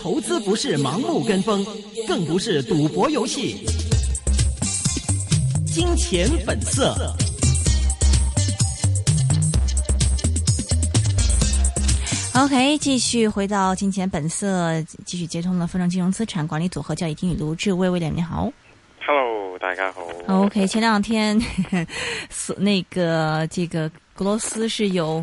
投資不是盲目跟風，更不是賭博遊戲。金錢本色。OK，繼續回到金錢本色，繼續接通了富盛金融資產管理組合交易廳盧志威威廉，你好。Hello，大家好。OK，前兩天是那個這個格羅斯是有。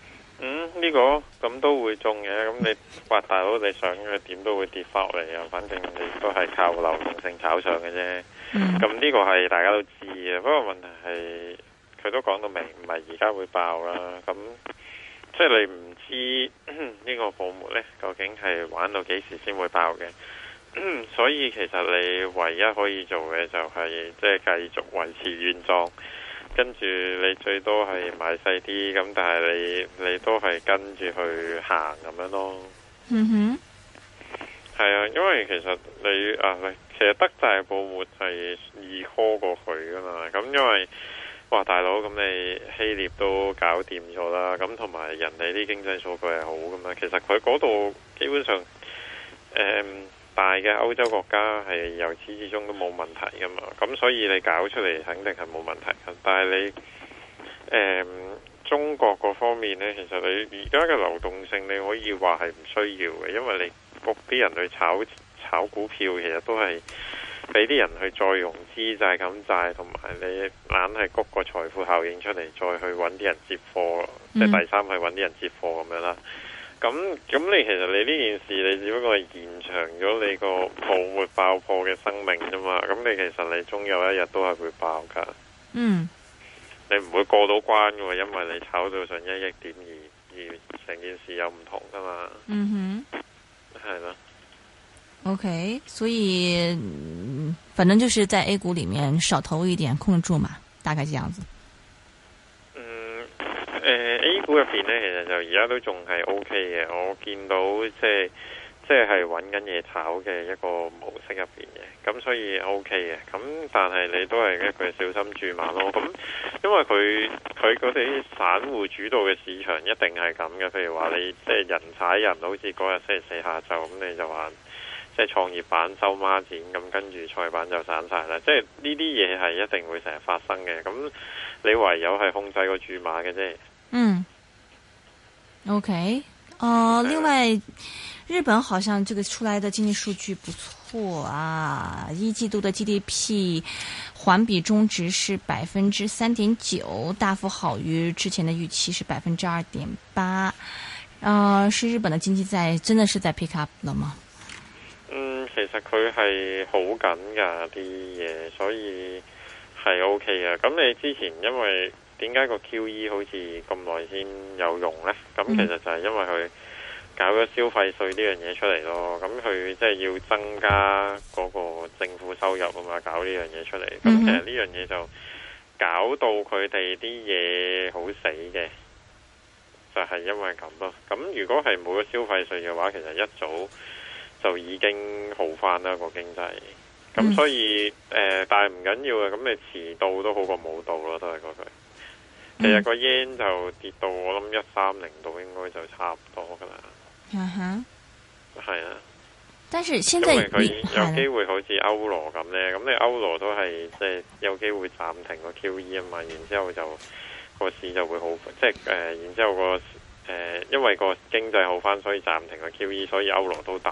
呢、這個咁都會中嘅，咁你八大佬你想佢點都會跌翻落嚟啊！反正你都係靠流動性炒上嘅啫。咁呢、嗯、個係大家都知嘅，不過問題係佢都講到明，唔係而家會爆啦。咁即係你唔知呢、這個泡沫呢，究竟係玩到幾時先會爆嘅？所以其實你唯一可以做嘅就係即係繼續維持原狀。跟住你最多係買細啲咁，但係你你都係跟住去行咁樣咯。嗯哼，係啊，因為其實你啊，其實德債泡沫係易拖過佢噶嘛。咁因為哇，大佬咁你希臘都搞掂咗啦，咁同埋人哋啲經濟數據係好噶嘛。其實佢嗰度基本上誒。嗯大嘅歐洲國家係由始至終都冇問題噶嘛，咁所以你搞出嚟肯定係冇問題噶。但係你誒、嗯、中國嗰方面呢，其實你而家嘅流動性你可以話係唔需要嘅，因為你谷啲人去炒炒股票，其實都係俾啲人去再融資債咁債，同埋你硬係谷個財富效應出嚟，再去揾啲人接貨，mm. 即係第三去揾啲人接貨咁樣啦。咁咁，你其實你呢件事，你只不過係延長咗你個泡沫爆破嘅生命啫嘛。咁你其實你終有一日都係會爆噶。嗯。你唔會過到關嘅，因為你炒到上一億點二，而成件事有唔同噶嘛。嗯哼。係咯。OK，所以、嗯、反正就是在 A 股裏面少投一點，控住嘛，大概這樣子。入邊咧，其實就而家都仲係 O K 嘅。我見到即係即係揾緊嘢炒嘅一個模式入邊嘅，咁所以 O K 嘅。咁但係你都係一句小心注碼咯。咁因為佢佢嗰啲散戶主導嘅市場一定係咁嘅。譬如話你即係人踩人，好似嗰日星期四下晝，咁你就話即係創業板收孖展，咁跟住菜板就散晒啦。即係呢啲嘢係一定會成日發生嘅。咁你唯有係控制個注碼嘅啫。嗯。O K，哦，Okay . uh, Yeah. 另外，日本好像這個出來的經濟數據不錯啊，一季度的 G D P 環比中值是百分之三點九，大幅好於之前的預期是百分之二點八，啊、uh,，是日本的經濟在真的是在 pick up 了嗎？嗯，其實佢係好緊噶啲嘢，所以係 O K 嘅。咁你之前因為。點解個 QE 好似咁耐先有用呢？咁其實就係因為佢搞咗消費稅呢樣嘢出嚟咯。咁佢即係要增加嗰個政府收入啊嘛，搞呢樣嘢出嚟。咁其實呢樣嘢就搞到佢哋啲嘢好死嘅，就係、是、因為咁咯。咁如果係冇咗消費稅嘅話，其實一早就已經好翻啦，個經濟。咁所以誒、呃，但係唔緊要嘅，咁你遲到都好過冇到咯，都係嗰句。其實個 yen 就跌到我諗一三零度應該就差唔多噶啦。嗯哼、uh，係、huh。啊。但是現在因為佢有機會好似歐羅咁呢，咁 你歐羅都係即係有機會暫停個 QE 啊嘛，然之後就個市就會好，即係誒，然之後、那個誒、呃，因為個經濟好返，所以暫停個 QE，所以歐羅都得。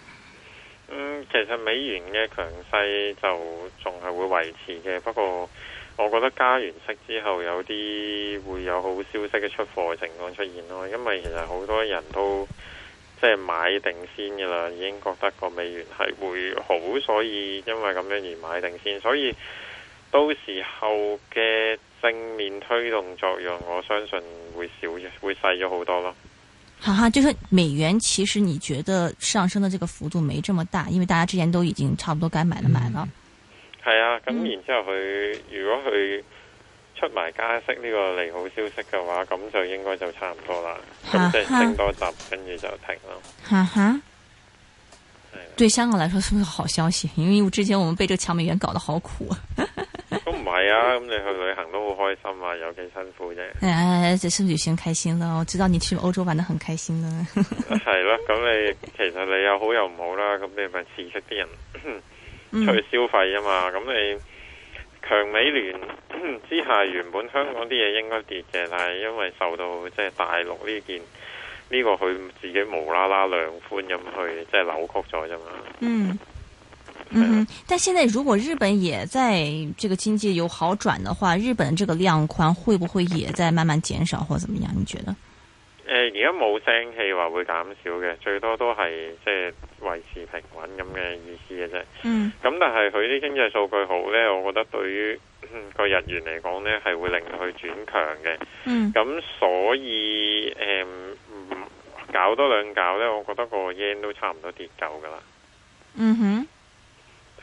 嗯，其實美元嘅強勢就仲係會維持嘅，不過我覺得加完息之後有啲會有好消息嘅出貨嘅情況出現咯，因為其實好多人都即係買定先嘅啦，已經覺得個美元係會好，所以因為咁樣而買定先，所以到時候嘅正面推動作用，我相信會少咗，會細咗好多咯。哈哈，就是美元，其實你覺得上升的這個幅度沒這麼大，因為大家之前都已經差不多該買的買了。係、嗯、啊，咁然之後佢、嗯、如果佢出埋加息呢個利好消息嘅話，咁就應該就差唔多啦，咁即係升多一集，跟住就停咯。哈哈，對香港來說是不是好消息？因為之前我們被這個搶美元搞得好苦。 係啊，咁你去旅行都好開心啊，有幾辛苦啫。誒，只是旅行開心咯，我知道你去歐洲玩得很開心啦。係咯，咁你其實你有好有唔好啦，咁你咪刺激啲人出去消費啊嘛。咁你強美聯之下，原本香港啲嘢應該跌嘅，但係因為受到即係大陸呢件呢個佢自己無啦啦量寬咁去，即係扭曲咗啫嘛。嗯。嗯嗯，但現在如果日本也在這個經濟有好轉的話，日本這個量寬會不會也在慢慢減少或者怎麼樣？你覺得？誒、呃，而家冇聲氣話會減少嘅，最多都係即係維持平穩咁嘅意思嘅啫。嗯，咁但係佢啲經濟數據好咧，我覺得對於、嗯、個日元嚟講咧係會令佢轉強嘅。嗯，咁所以誒、呃，搞多兩搞咧，我覺得個 yen 都差唔多跌夠噶啦。嗯哼。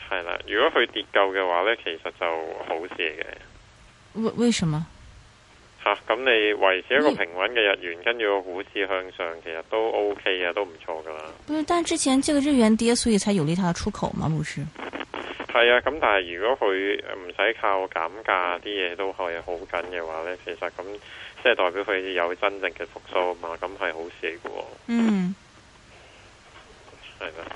係啦，如果佢跌夠嘅話咧，其實就好事嘅。為為什麼？吓、啊，咁你維持一個平穩嘅日元，為跟住個股市向上，其實都 OK 啊，都唔錯噶啦。不是，但之前這個日元跌，所以才有利它的出口嘛？唔係？係啊，咁但係如果佢唔使靠減價啲嘢，都可以好緊嘅話咧，其實咁即係代表佢有真正嘅復蘇嘛。咁係好事嚟噶。嗯。係啦。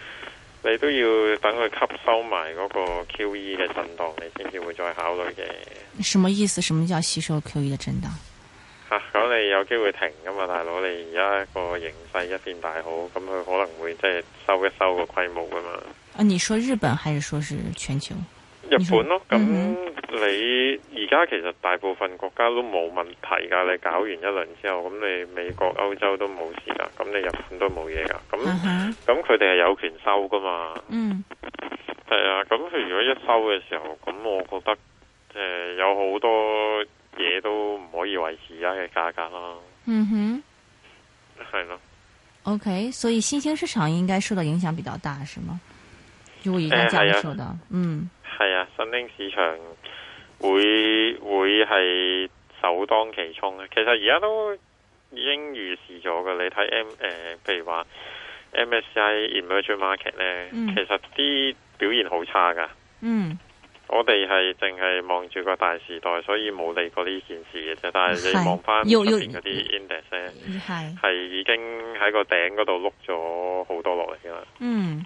你都要等佢吸收埋嗰個 QE 嘅震蕩，你先至會再考慮嘅。什麼意思？什麼叫吸收 QE 嘅震蕩？吓、啊，咁你有機會停㗎嘛，大佬？你而家個形勢一片大好，咁佢可能會即係收一收個規模㗎嘛。啊，你說日本還是說是全球？日本咯，咁你說。嗯嗯你而家其實大部分國家都冇問題噶，你搞完一輪之後，咁你美國、歐洲都冇事噶，咁你日本都冇嘢噶，咁咁佢哋係有權收噶嘛？嗯，係啊，咁佢如果一收嘅時候，咁我覺得誒、呃、有好多嘢都唔可以維持而家嘅價格咯。嗯哼、uh，係、huh. 咯。OK，所以新興市場應該受到影響比較大，是嗎？如果已經降咗，嗯。係啊，新興市場會會係首當其衝嘅。其實而家都已經預示咗噶，你睇 M 誒、呃，譬如話 MSI Emerging Market 咧、嗯，其實啲表現好差噶。嗯，我哋係淨係望住個大時代，所以冇理過呢件事嘅啫。但係你望翻出邊嗰啲 index，係係已經喺個頂嗰度碌咗好多落嚟噶啦。嗯。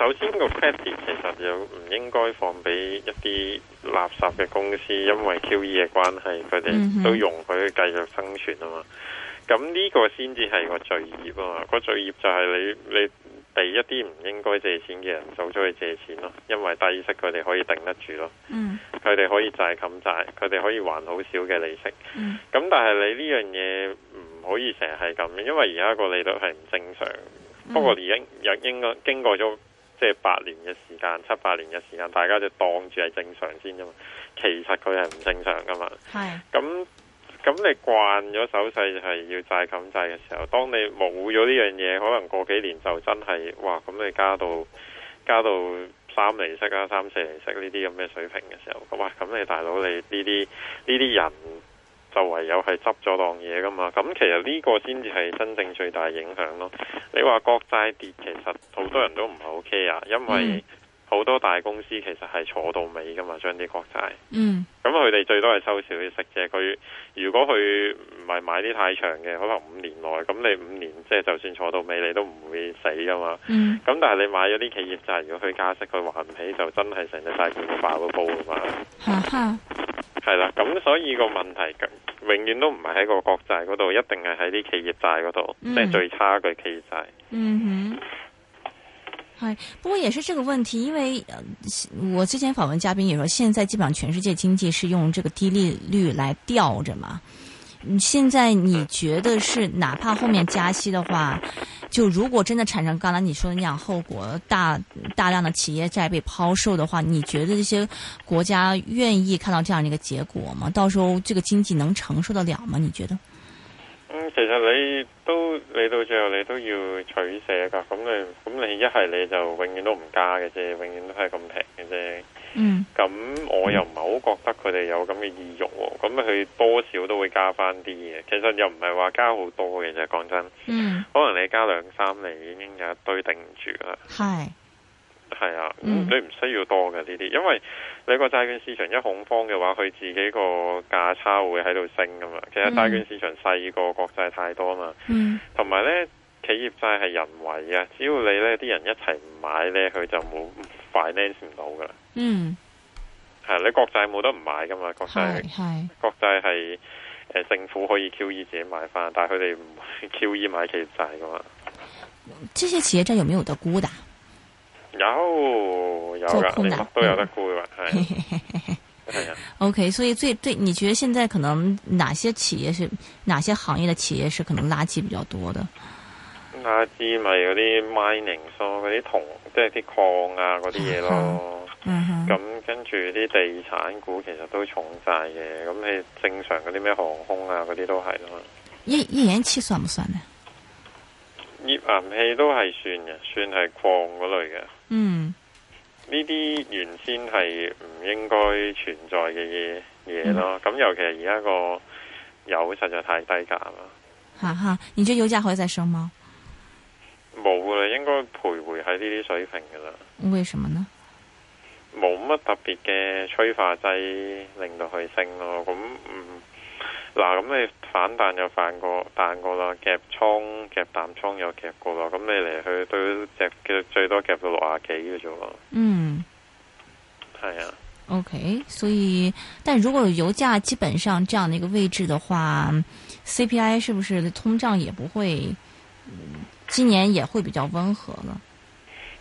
首先個 credit 其實有唔應該放俾一啲垃圾嘅公司，因為 QE 嘅關係，佢哋都容許繼續生存啊嘛。咁呢個先至係個罪業啊嘛。個罪業就係你你俾一啲唔應該借錢嘅人走出去借錢咯，因為低息佢哋可以頂得住咯。佢哋、嗯、可以債冚債，佢哋可以還好少嘅利息。嗯，咁但係你呢樣嘢唔可以成日係咁，因為而家個利率係唔正常。不過而家又應該經過咗。即係八年嘅時間，七八年嘅時間，大家就當住係正常先啫嘛。其實佢係唔正常噶嘛。咁咁的，你慣咗手勢係要債冚債嘅時候，當你冇咗呢樣嘢，可能過幾年就真係哇！咁你加到加到三厘息啊，三四厘息呢啲咁嘅水平嘅時候，哇！咁你大佬，你呢啲呢啲人？就唯有係執咗檔嘢噶嘛，咁其實呢個先至係真正最大影響咯。你話國債跌，其實好多人都唔係 ok 啊，因為好多大公司其實係坐到尾噶嘛，將啲國債。嗯。咁佢哋最多係收少啲息啫。佢如果佢唔係買啲太長嘅，可能五年內，咁你五年即係就算坐到尾，你都唔會死噶嘛。嗯。咁但係你買咗啲企業債，如果佢加息佢還唔起，就真係成隻債券爆個煲噶嘛。哈哈係啦，咁所以個問題，永永遠都唔係喺個國債嗰度，一定係喺啲企業債嗰度，即係最差嘅企業債。嗯哼。係，不過也是這個問題，因為我之前訪問嘉賓也說，現在基本上全世界經濟是用這個低利率來吊着嘛。你現在你覺得是，哪怕後面加息的話，就如果真的產生剛才你說的那樣後果，大大量的企業債被拋售的話，你覺得這些國家願意看到這樣的一個結果嗎？到時候這個經濟能承受得了嗎？你覺得？嗯，其實你都，你到最後你都要取捨噶，咁你，咁你一係你，你，你就永遠都唔加嘅啫，永遠都係咁平嘅啫。嗯，咁我又唔係好覺得佢哋有咁嘅意欲。哦，咁佢多少都會加翻啲嘅。其實又唔係話加好多嘅，就講真。嗯、可能你加兩三你已經有一堆頂唔住啦。係係是啊，嗯、你唔需要多嘅呢啲，因為你個債券市場一恐慌嘅話，佢自己個價差會喺度升噶嘛。其實債券市場細過國債太多嘛。同埋、嗯、呢企業債係人為啊，只要你呢啲人一齊唔買呢，佢就冇 finance 唔到噶啦。嗯，係你國債冇得唔買噶嘛？國債係國債係誒，政府可以 QE 自己買翻，但係佢哋唔會 QE 買企業債噶嘛？這些企業債有沒有得沽的？有有噶，你乜都有得沽噶係。OK，所以最最，你覺得現在可能哪些企業是哪些行業的企業是可能垃圾比較多的？垃圾咪嗰啲 mining 商嗰啲銅即係啲礦啊嗰啲嘢咯。 咁、uh huh. 跟住啲地產股其實都重債嘅，咁你正常嗰啲咩航空啊嗰啲都係咯。頁頁岩氣算唔算呢？頁岩氣都係算嘅，算係礦嗰類嘅。嗯，呢啲原先係唔應該存在嘅嘢嘢咯。咁、嗯、尤其係而家個油實在太低價啦。啊哈、uh，huh. 你覺得油價會再升嗎？冇啦，應該徘徊喺呢啲水平噶啦。為什麼呢？冇乜特別嘅催化劑令到佢升咯，咁嗯，嗱咁你反彈又反過彈過啦，夾倉夾淡倉又夾過啦，咁你嚟去都夾嘅最多夾到六十幾嘅啫喎。嗯，係啊。OK，所以但如果有油價基本上這樣的一個位置的話，CPI 是不是通脹也不會、嗯、今年也會比較溫和呢？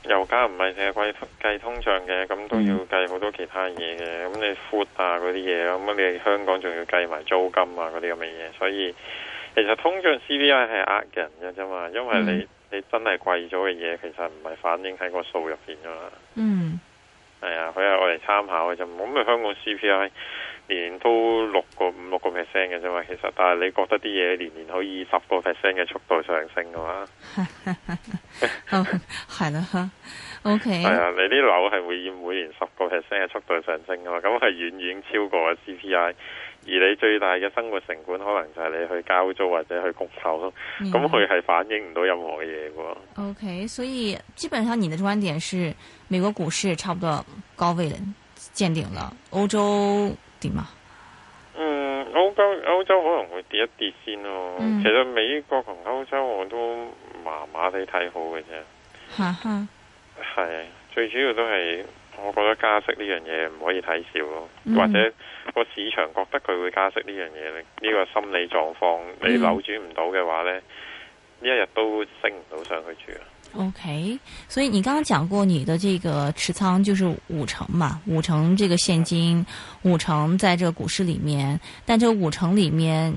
油價唔係淨係計通計通脹嘅，咁都要計好多其他嘢嘅。咁你 food 啊嗰啲嘢，咁你香港仲要計埋租金啊嗰啲咁嘅嘢。所以其實通脹 CPI 係呃人嘅啫嘛，因為你你真係貴咗嘅嘢，其實唔係反映喺個數入邊㗎嘛。嗯、mm. 哎，係啊，佢係用嚟參考嘅就唔好你香港 CPI。年都六個五六個 percent 嘅啫嘛，其實，但係你覺得啲嘢年年可以十個 percent 嘅速度上升㗎嘛？係咯，OK 係啊。你啲樓係會以每年十個 percent 嘅速度上升噶嘛？咁係遠遠超過 CPI，而你最大嘅生活成本可能就係你去交租或者去供樓咯。咁佢係反映唔到任何嘅嘢嘅喎。OK，所以基本上你的觀點是美國股市差不多高位見頂了，歐洲。點啊？歐洲，歐洲可能會跌一跌先咯。嗯、其實美國同歐洲我都麻麻地睇好嘅啫。係哈、嗯、最主要都係我覺得加息呢樣嘢唔可以睇少咯。或者個市場覺得佢會加息呢樣嘢，呢、這個心理狀況你扭轉唔到嘅話呢，呢、嗯、一日都升唔到上去住。OK，所以你剛剛講過你的這個持倉就是五成嘛，五成這個現金，五成在這個股市裏面，但這五成裏面，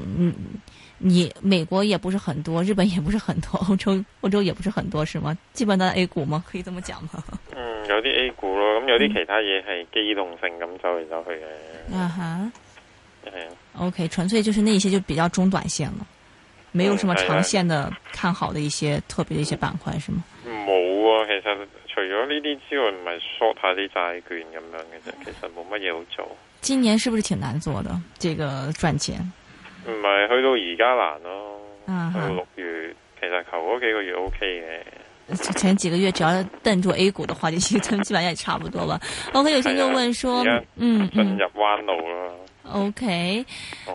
你、嗯、美國也不是很多，日本也不是很多，歐洲歐洲也不是很多，是嗎？基本上都 A 股嗎？可以這麼講嗎？嗯，有啲 A 股咯，咁有啲其他嘢係機動性咁走嚟走去嘅。啊哈、uh-huh. yeah.，OK，純粹就是那些就比較中短綫了。沒有什麼長線的、嗯、看好的一些特別的一些板塊，是嗎？冇啊，其實除咗呢啲之外，唔係 short 下啲債券咁樣嘅啫，其實冇乜嘢好做。今年是不是挺難做的？這個賺錢？唔係，去到而家難咯。嗯，去到六月、啊、哈其實頭嗰幾個月 OK 嘅。前幾個月只要掟住 A 股的話，其實真基本上也差不多吧。OK 有朋友問說，嗯，進入彎路啦。O K，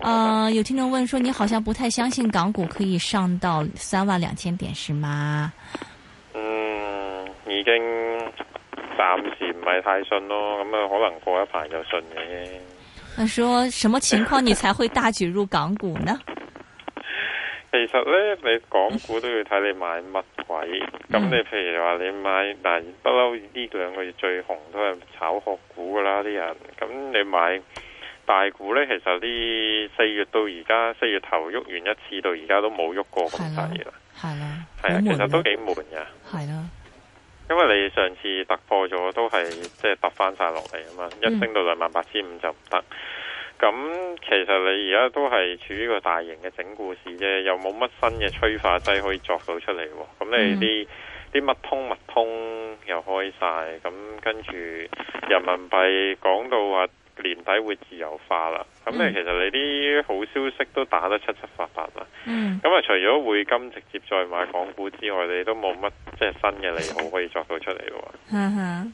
啊，Okay . uh, 嗯、有聽眾問說，你好像不太相信港股可以上到三萬兩千點，是嗎？嗯，已經暫時唔係太信咯，咁、嗯、啊，可能過一排就信嘅。佢、啊、說什麼情況你才會大舉入港股呢？ 其實呢，你港股都要睇你買乜鬼，咁、嗯、你譬如話你買，但係不嬲呢兩個月最紅都係炒殼股噶啦啲人，咁你買。大股呢，其實呢四月到而家，四月頭喐完一次，到而家都冇喐過咁滯啦。係啦，係啊，其實都幾悶嘅。係啦的，因為你上次突破咗，都係即係跌翻晒落嚟啊嘛，一升到兩萬八千五就唔得。咁、嗯、其實你而家都係處於個大型嘅整故事啫，又冇乜新嘅催化劑可以作到出嚟喎。咁你啲啲乜通物通又開晒。咁跟住人民幣講到話，年底會自由化啦，咁、嗯、你其實你啲好消息都打得七七八八啦、嗯嗯。嗯，咁啊，除咗匯金直接再買港股之外，你都冇乜即係新嘅利好可以作出嚟咯、啊哈啊。嗯哼、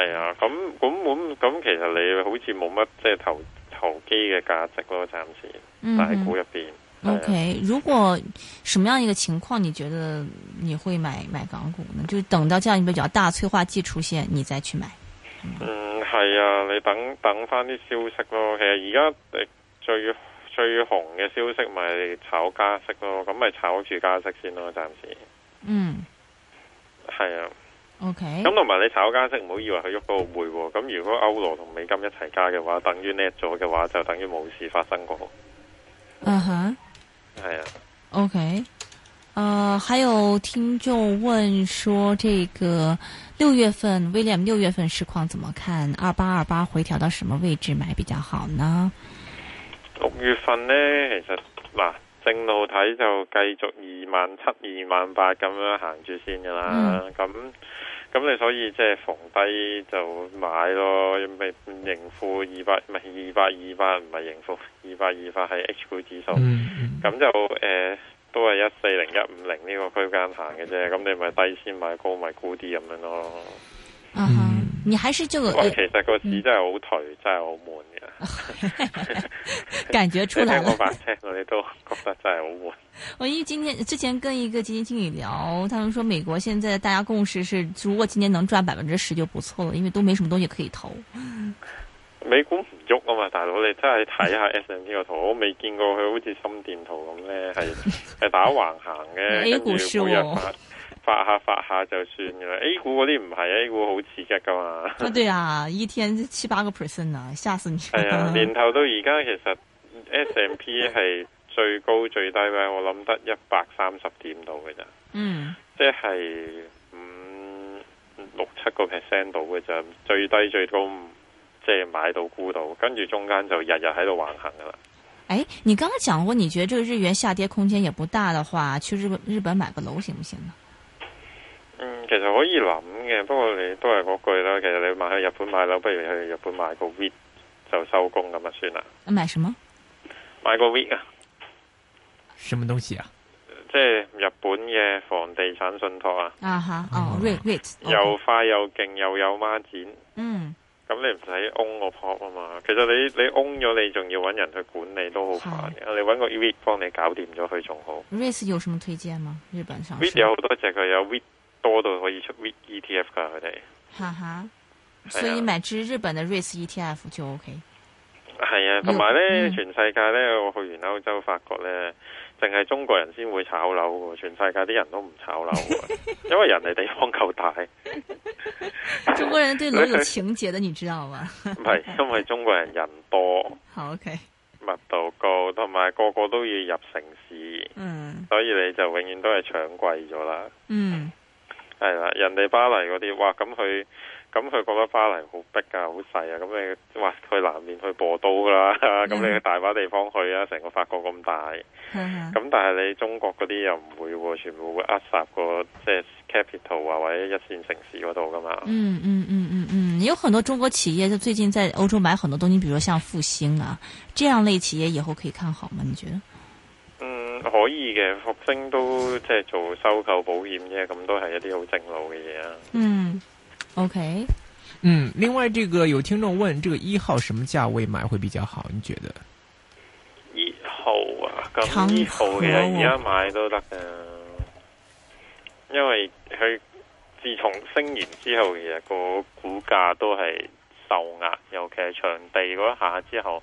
係、嗯、啊，咁咁咁咁，其實你好似冇乜即係投投機嘅價值咯，暫時、嗯。但 A 股入邊。O K，如果什麼樣一個情況，你覺得你會買買港股呢？就等到這樣一個比較大催化劑出現，你再去買。Mm hmm. 嗯，係啊，你等等翻啲消息咯。其實而家最最紅嘅消息咪炒加息咯，咁咪炒住加息先咯，暫時。嗯、mm，係、hmm. 啊。OK. 咁同埋你炒加息，唔好以為佢喐到匯。咁如果歐羅同美金一齊加嘅話，等於叻咗嘅話，就等於冇事發生過。嗯哼、uh。係、huh. 啊。O、okay. K. 呃，還有聽眾問說，這個六月份 William 六月份市況怎麼看？二八二八回調到什麼位置買比較好呢？六月份呢，其實嗱正路睇就繼續二萬七、二萬八咁樣行住先噶啦。咁咁、嗯、你所以即係逢低就買咯，因為盈富二百唔係二百二八唔係盈富二百二八係 H 股指數。咁、嗯嗯、就誒。呃都係一四零一五零呢個區間行嘅啫，咁你咪低先買高，高買高啲咁樣咯。嗯，你還是就其實個市真係好頹，嗯、真係好悶嘅。 感覺出來。我聽我把聲，我哋都覺得真係好悶。我 因為今天之前跟一個基金經理聊，他們說美國現在大家共識是，如果今年能賺百分之十就不錯了，因為都沒什麼東西可以投。美股。足啊嘛，大佬，你真係睇下 S&P 個圖， 我未見過佢好似心電圖咁咧，係係打橫行嘅 秀。A 股少，發下發下就算噶啦。A 股嗰啲唔係，A 股好刺激噶嘛。 啊，對啊，一天七八個 percent 啊，嚇死你！係啊，年頭到而家，其實 S&P 係最高最低咧，我諗得一百三十點度嘅咋。嗯，即係五六七個 percent 度嘅咋，最低最高。即係買到沽到，跟住中間就日日喺度橫行噶啦、欸。你剛剛講過，你覺得這個日元下跌空間也不大的話，去日本日本買個樓行唔行呢、嗯？其實可以諗嘅，不過你都係嗰句啦。其實你買去日本買樓，不如去日本買個 REIT 就收工咁啊，算啦。買什麼？買個 REIT 啊？什麼東西啊？即係日本嘅房地產信託啊。又快又勁，又有孖展。嗯。Mm. 咁、嗯、你唔使 own 個 pop 啊嘛，其實你你 o n 咗你仲要揾人去管理都好快，是你揾 i 瑞幫你搞掂咗佢仲好。r 瑞斯有什麼推薦嗎？日本上？瑞有好多隻佢有 w 瑞多到可以出瑞 ETF 噶佢哋。哈哈，啊、所以買支日本嘅 r 瑞斯 ETF 就 OK。係啊，同埋咧，嗯、全世界咧，我去完歐洲、法國咧。淨係中國人先會炒樓，全世界啲人都唔炒樓， 因為人哋地方夠大。 中國人對樓有情結的，你知道嗎？唔 係，因為中國人人多，好、okay。密度高，同埋個個都要入城市，嗯，所以你就永遠都係搶貴咗啦，嗯，係啦，人哋巴黎嗰啲，哇，咁佢。咁佢覺得巴黎好逼啊，好細啊。咁你話去南面去博都啦，咁你去大把地方去啊。成個法國咁大，咁但係你中國嗰啲又唔會喎，全部會扼殺個即係 capital 啊，或者一線城市嗰度噶嘛。嗯嗯嗯嗯嗯，有很多中國企業就最近在歐洲買很多東西，比如像復星啊，這樣類企業以後可以看好嗎？你覺得？嗯，可以嘅，復星都即係做收購保險啫，咁都係一啲好正路嘅嘢啊。嗯。OK，嗯，另外，這個有聽眾問，這個一號什麼價位買會比較好？你覺得？一號啊，咁一號其實而家買都得啊，因為佢自從升完之後，其實個股價都係受壓，尤其係長地嗰一下之後，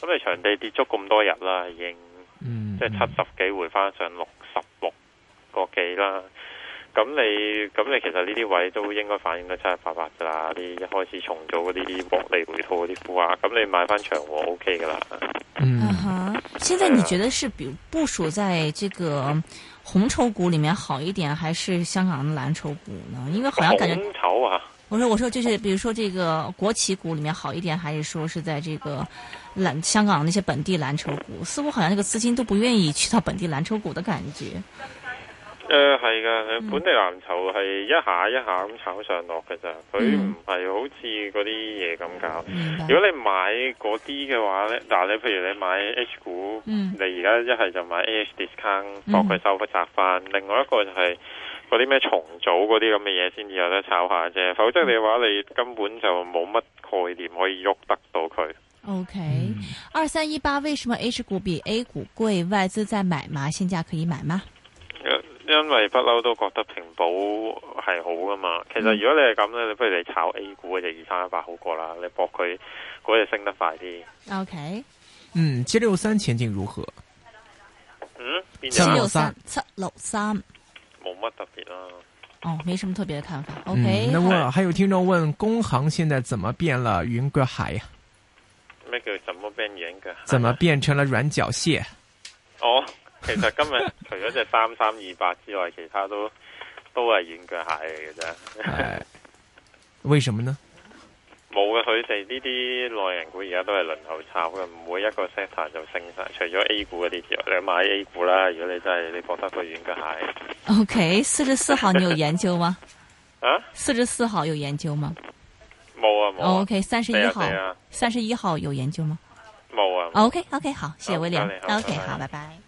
咁你長地跌足咁多日啦，已經，嗯，即係七十幾回翻上六十六個幾啦。咁你咁你其實呢啲位都應該反映得七七八八噶啦，啲一開始重組嗰啲獲利回吐嗰啲股啊，咁你買翻長和 O K 噶啦嗯哼，現在你覺得是比部署在這個紅籌股裏面好一點，還是香港的藍籌股呢？因為好像感覺，我說、啊、我說就是，比如說這個國企股裏面好一點，還是說是在這個藍香港那些本地藍籌股，似乎好像這個資金都不願意去到本地藍籌股的感覺。誒，係噶、呃，嗯、本地藍籌係一下一下咁炒上落嘅咋。佢唔係好似嗰啲嘢咁搞。嗯、如果你買嗰啲嘅話咧，嗱白，你譬如你買 H 股，嗯、你而家一係就買 A H discount，博佢收復集翻，嗯、另外一個就係嗰啲咩重組嗰啲咁嘅嘢，先至有得炒下啫。否則你話你根本就冇乜概念可以喐得到佢。OK，嗯、二三一八，為什麼 H 股比 A 股貴？外資在買嘛？現價可以買嗎？因為不嬲都覺得平保係好噶嘛，其實如果你係咁咧，你不如你炒 A 股嗰隻二三一八好過啦，你搏佢嗰隻升得快啲。O Okay . K，嗯，七六三前景如何？嗯，變七，七六三七六三，冇乜特別啦、啊。哦，沒什麼特別嘅看法。O K，那麼還有聽眾問，工行現在怎麼變了云？軟腳蟹呀？咩叫怎麼變軟腳蟹？怎麼變成了軟腳蟹？哦、哎呀。Oh. 其實今日除咗隻三三二八之外，其他都都係軟腳蟹嚟嘅啫。為什麼呢？冇嘅、啊，佢哋呢啲內銀股而家都係輪候炒嘅，唔會一個 set 就升晒。除咗 A 股嗰啲之外，你買 A 股啦。如果你真係你搏得過軟腳蟹。O K，四十四號你有研究嗎？ 啊？四十四號有研究嗎？冇啊，冇、啊。O K，三十一號，三十一號有研究嗎？冇啊。O K，O K，好，謝謝威廉。 o、okay, K，好，拜拜。